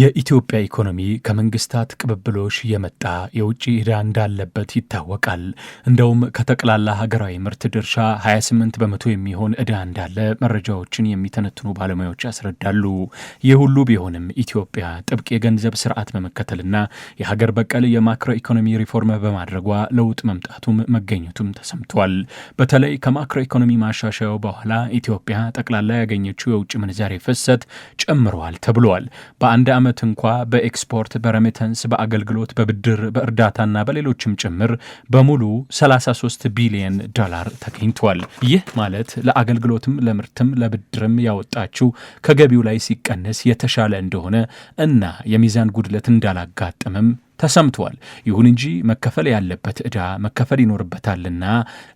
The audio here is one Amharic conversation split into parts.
የኢትዮጵያ ኢኮኖሚ ከመንግስታት ቅብብሎሽ የመጣ የውጭ ዕዳ እንዳለበት ይታወቃል። እንደውም ከጠቅላላ ሀገራዊ ምርት ድርሻ 28 በመቶ የሚሆን ዕዳ እንዳለ መረጃዎችን የሚተነትኑ ባለሙያዎች ያስረዳሉ። ይህ ሁሉ ቢሆንም ኢትዮጵያ ጥብቅ የገንዘብ ስርዓት በመከተልና የሀገር በቀል የማክሮ ኢኮኖሚ ሪፎርም በማድረጓ ለውጥ መምጣቱም መገኘቱም ተሰምቷል። በተለይ ከማክሮ ኢኮኖሚ ማሻሻያው በኋላ ኢትዮጵያ ጠቅላላ ያገኘችው የውጭ ምንዛሬ ፍሰት ጨምረዋል ተብሏል። በአንድ ዓመት እንኳ በኤክስፖርት በረሜተንስ በአገልግሎት በብድር በእርዳታና በሌሎችም ጭምር በሙሉ 33 ቢሊየን ዶላር ተገኝቷል። ይህ ማለት ለአገልግሎትም ለምርትም ለብድርም ያወጣችው ከገቢው ላይ ሲቀነስ የተሻለ እንደሆነ እና የሚዛን ጉድለት እንዳላጋጠመም ተሰምቷል። ይሁን እንጂ መከፈል ያለበት ዕዳ መከፈል ይኖርበታልና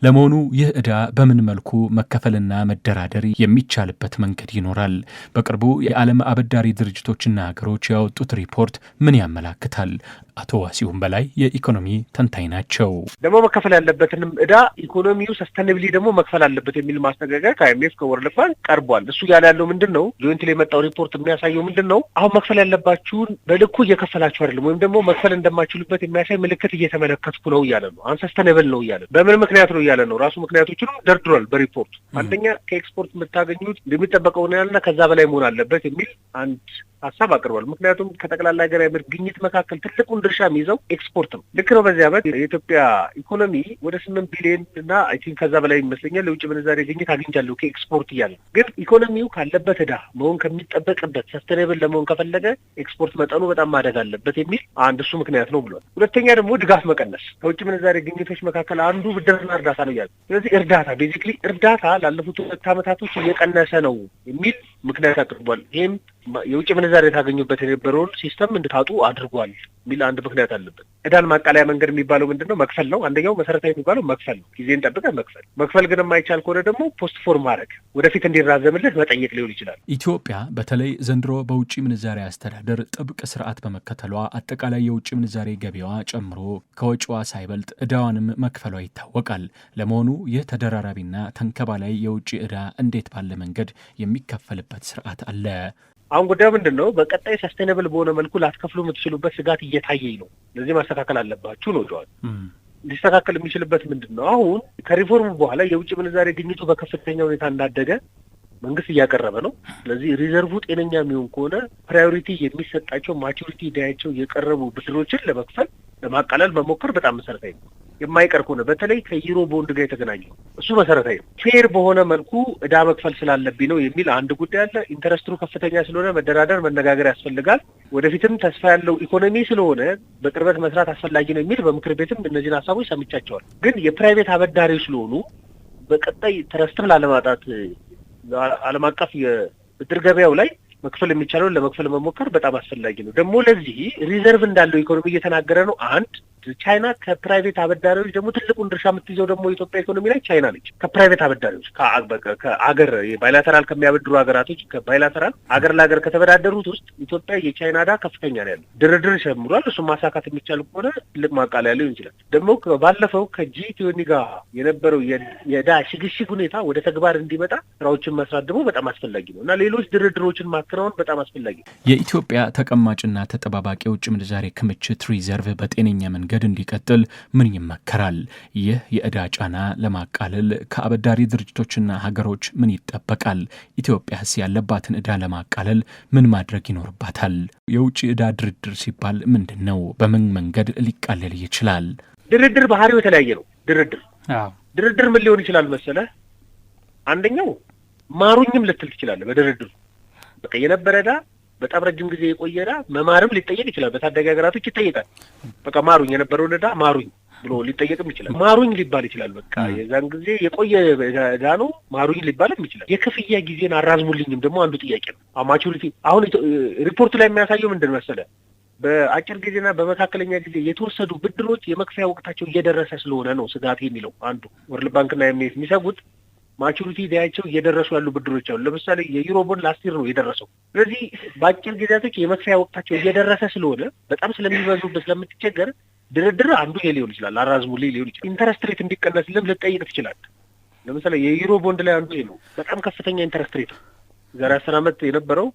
ለመሆኑ ይህ ዕዳ በምን መልኩ መከፈልና መደራደር የሚቻልበት መንገድ ይኖራል? በቅርቡ የዓለም አበዳሪ ድርጅቶችና ሀገሮች ያወጡት ሪፖርት ምን ያመላክታል? አቶ ዋሲሁን በላይ የኢኮኖሚ ተንታኝ ናቸው። ደግሞ መከፈል ያለበትንም እዳ ኢኮኖሚው ሰስተንብሊ ደግሞ መክፈል አለበት የሚል ማስጠንቀቂያ ከአይምኤፍ ከወርልድ ባንክ ቀርቧል። እሱ ያለ ያለው ምንድን ነው? ጆይንት ላይ የመጣው ሪፖርት የሚያሳየው ምንድን ነው? አሁን መክፈል ያለባችሁን በልኩ እየከፈላችሁ አይደለም፣ ወይም ደግሞ መክፈል እንደማችሉበት የሚያሳይ ምልክት እየተመለከትኩ ነው እያለ ነው። ሰስተንብል ነው እያለ በምን ምክንያት ነው እያለ ነው። ራሱ ምክንያቶችን ደርድሯል በሪፖርት አንደኛ ከኤክስፖርት የምታገኙት የሚጠበቀው ያልና ከዛ በላይ መሆን አለበት የሚል አንድ ሀሳብ አቅርቧል። ምክንያቱም ከጠቅላላ ሀገራዊ ምርት ግኝት መካከል ትልቁን ድርሻ የሚይዘው ኤክስፖርት ነው። ልክ ነው። በዚህ አመት የኢትዮጵያ ኢኮኖሚ ወደ ስምንት ቢሊዮን እና አይ ቲንክ ከዛ በላይ ይመስለኛል የውጭ ምንዛሬ ግኝት አግኝቻለሁ ከኤክስፖርት እያለ ግን ኢኮኖሚው ካለበት እዳ መሆን ከሚጠበቅበት ሰስተኔብል ለመሆን ከፈለገ ኤክስፖርት መጠኑ በጣም ማደግ አለበት የሚል አንድ እሱ ምክንያት ነው ብሏል። ሁለተኛ ደግሞ ድጋፍ መቀነስ ከውጭ ምንዛሬ ግኝቶች መካከል አንዱ ብድርና እርዳታ ነው እያለ ስለዚህ እርዳታ ቤዚክሊ እርዳታ ላለፉት ሁለት ዓመታቶች እየቀነሰ ነው የሚል ምክንያት አቅርቧል። ይህም የውጭ ምንዛሬ የታገኙበት የነበረውን ሲስተም እንድታጡ አድርጓል የሚል አንድ ምክንያት አለበት። እዳን ማቃለያ መንገድ የሚባለው ምንድን ነው? መክፈል ነው። አንደኛው መሰረታዊ የሚባለው መክፈል ነው። ጊዜን ጠብቀ መክፈል። መክፈል ግን የማይቻል ከሆነ ደግሞ ፖስትፎር ማድረግ፣ ወደፊት እንዲራዘምልህ መጠየቅ ሊሆን ይችላል። ኢትዮጵያ በተለይ ዘንድሮ በውጭ ምንዛሬ አስተዳደር ጥብቅ ስርዓት በመከተሏ አጠቃላይ የውጭ ምንዛሬ ገቢዋ ጨምሮ ከወጪዋ ሳይበልጥ እዳዋንም መክፈሏ ይታወቃል። ለመሆኑ ይህ ተደራራቢና ተንከባላይ የውጭ እዳ እንዴት ባለ መንገድ የሚከፈልበት ስርዓት አለ? አሁን ጉዳዩ ምንድን ነው? በቀጣይ ሰስቴነብል በሆነ መልኩ ላትከፍሉ የምትችሉበት ስጋት እየታየኝ ነው። ለዚህ ማስተካከል አለባችሁ ነው ጀዋል። ሊስተካከል የሚችልበት ምንድን ነው? አሁን ከሪፎርሙ በኋላ የውጭ ምንዛሬ ግኝቱ በከፍተኛ ሁኔታ እንዳደገ መንግስት እያቀረበ ነው። ስለዚህ ሪዘርቩ ጤነኛ የሚሆን ከሆነ ፕራዮሪቲ የሚሰጣቸው ማቹሪቲ ዳያቸው የቀረቡ ብድሮችን ለመክፈል ለማቃለል መሞከር በጣም መሰረታዊ ነው። የማይቀር ከሆነ በተለይ ከዩሮ ቦንድ ጋር የተገናኘ እሱ መሰረታዊ ነው። ፌር በሆነ መልኩ እዳ መክፈል ስላለብኝ ነው የሚል አንድ ጉዳይ አለ። ኢንተረስትሩ ከፍተኛ ስለሆነ መደራደር፣ መነጋገር ያስፈልጋል። ወደፊትም ተስፋ ያለው ኢኮኖሚ ስለሆነ በቅርበት መስራት አስፈላጊ ነው የሚል በምክር ቤትም እነዚህን ሀሳቦች ሰምቻቸዋል። ግን የፕራይቬት አበዳሪ ስለሆኑ በቀጣይ ኢንተረስትም ላለማጣት ዓለም አቀፍ የብድር ገበያው ላይ መክፈል የሚቻለውን ለመክፈል መሞከር በጣም አስፈላጊ ነው። ደግሞ ለዚህ ሪዘርቭ እንዳለው ኢኮኖሚ እየተናገረ ነው አንድ ቻይና ከፕራይቬት አበዳሪዎች ደግሞ ትልቁን ድርሻ የምትይዘው ደግሞ የኢትዮጵያ ኢኮኖሚ ላይ ቻይና ነች። ከፕራይቬት አበዳሪዎች ከአገር ባይላተራል ከሚያበድሩ ሀገራቶች ከባይላተራል አገር ለሀገር ከተበዳደሩት ውስጥ ኢትዮጵያ የቻይና ዕዳ ከፍተኛ ነው ያለው። ድርድር ጀምሯል። እሱም ማሳካት የሚቻል ከሆነ ትልቅ ማቃለያ ሊሆን ይችላል። ደግሞ ባለፈው ከጂ ጋር የነበረው የዕዳ ሽግሽግ ሁኔታ ወደ ተግባር እንዲመጣ ስራዎችን መስራት ደግሞ በጣም አስፈላጊ ነው እና ሌሎች ድርድሮችን ማከናወን በጣም አስፈላጊ ነው። የኢትዮጵያ ተቀማጭና ተጠባባቂ ውጭ ምንዛሬ ክምችት ሪዘርቭ በጤነኛ መንገድ መንገድ እንዲቀጥል ምን ይመከራል? ይህ የዕዳ ጫና ለማቃለል ከአበዳሪ ድርጅቶችና ሀገሮች ምን ይጠበቃል? ኢትዮጵያስ ያለባትን ዕዳ ለማቃለል ምን ማድረግ ይኖርባታል? የውጭ ዕዳ ድርድር ሲባል ምንድን ነው? በምን መንገድ ሊቃለል ይችላል? ድርድር ባህሪው የተለያየ ነው። ድርድር ድርድር ምን ሊሆን ይችላል መሰለ? አንደኛው ማሩኝም ልትል ትችላለህ። በድርድሩ በቃ የነበረ ዕዳ በጣም ረጅም ጊዜ የቆየ ዕዳ መማርም ሊጠየቅ ይችላል። በታዳጊ ሀገራቶች ይጠየቃል። በቃ ማሩኝ የነበረውን ዕዳ ማሩኝ ብሎ ሊጠየቅም ይችላል። ማሩኝ ሊባል ይችላል። በቃ የዛን ጊዜ የቆየ ዕዳ ነው ማሩኝ ሊባልም ይችላል። የክፍያ ጊዜን አራዝሙልኝም ደግሞ አንዱ ጥያቄ ነው። ማቹሪቲ አሁን ሪፖርቱ ላይ የሚያሳየው ምንድን መሰለ በአጭር ጊዜና በመካከለኛ ጊዜ የተወሰዱ ብድሮች የመክፈያ ወቅታቸው እየደረሰ ስለሆነ ነው ስጋት የሚለው አንዱ ወርልድ ባንክና የሚሰጉት ማቹሪቲ ዳያቸው እየደረሱ ያሉ ብድሮች አሉ። ለምሳሌ የዩሮ ቦንድ ላስት ነው የደረሰው። ስለዚህ በአጭር ጊዜያቶች የመክፈያ ወቅታቸው እየደረሰ ስለሆነ በጣም ስለሚበዙበት ስለምትቸገር ድርድር አንዱ ይሄ ሊሆን ይችላል። አራዝሙ ላይ ሊሆን ይችላል። ኢንተረስት ሬት እንዲቀነስልም ልጠይቅ ትችላል። ለምሳሌ የዩሮ ቦንድ ላይ አንዱ ይሄ ነው። በጣም ከፍተኛ ኢንተረስት ሬት ነው። ዛሬ አስር ዓመት የነበረው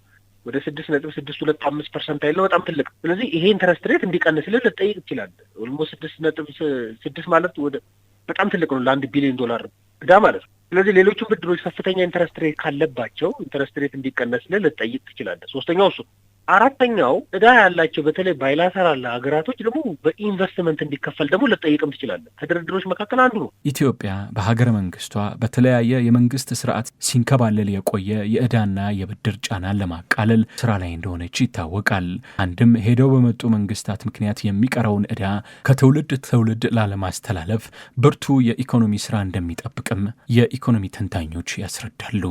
ወደ ስድስት ነጥብ ስድስት ሁለት አምስት ፐርሰንት ያለው በጣም ትልቅ። ስለዚህ ይሄ ኢንተረስት ሬት እንዲቀንስልን ልጠይቅ ይችላል። ኦልሞስት ስድስት ነጥብ ስድስት ማለት ወደ በጣም ትልቅ ነው ለአንድ ቢሊዮን ዶላር ዳ ማለት ነው። ስለዚህ ሌሎቹ ብድሮች ከፍተኛ ኢንተረስት ሬት ካለባቸው ኢንተረስት ሬት እንዲቀነስልህ ልትጠይቅ ትችላለህ። ሶስተኛው እሱ አራተኛው እዳ ያላቸው በተለይ ባይላተራል ሀገራቶች ደግሞ በኢንቨስትመንት እንዲከፈል ደግሞ ልጠይቅም ትችላለን። ከድርድሮች መካከል አንዱ ነው። ኢትዮጵያ በሀገረ መንግስቷ በተለያየ የመንግስት ስርዓት ሲንከባለል የቆየ የእዳና የብድር ጫናን ለማቃለል ስራ ላይ እንደሆነች ይታወቃል። አንድም ሄደው በመጡ መንግስታት ምክንያት የሚቀረውን እዳ ከትውልድ ትውልድ ላለማስተላለፍ ብርቱ የኢኮኖሚ ስራ እንደሚጠብቅም የኢኮኖሚ ተንታኞች ያስረዳሉ።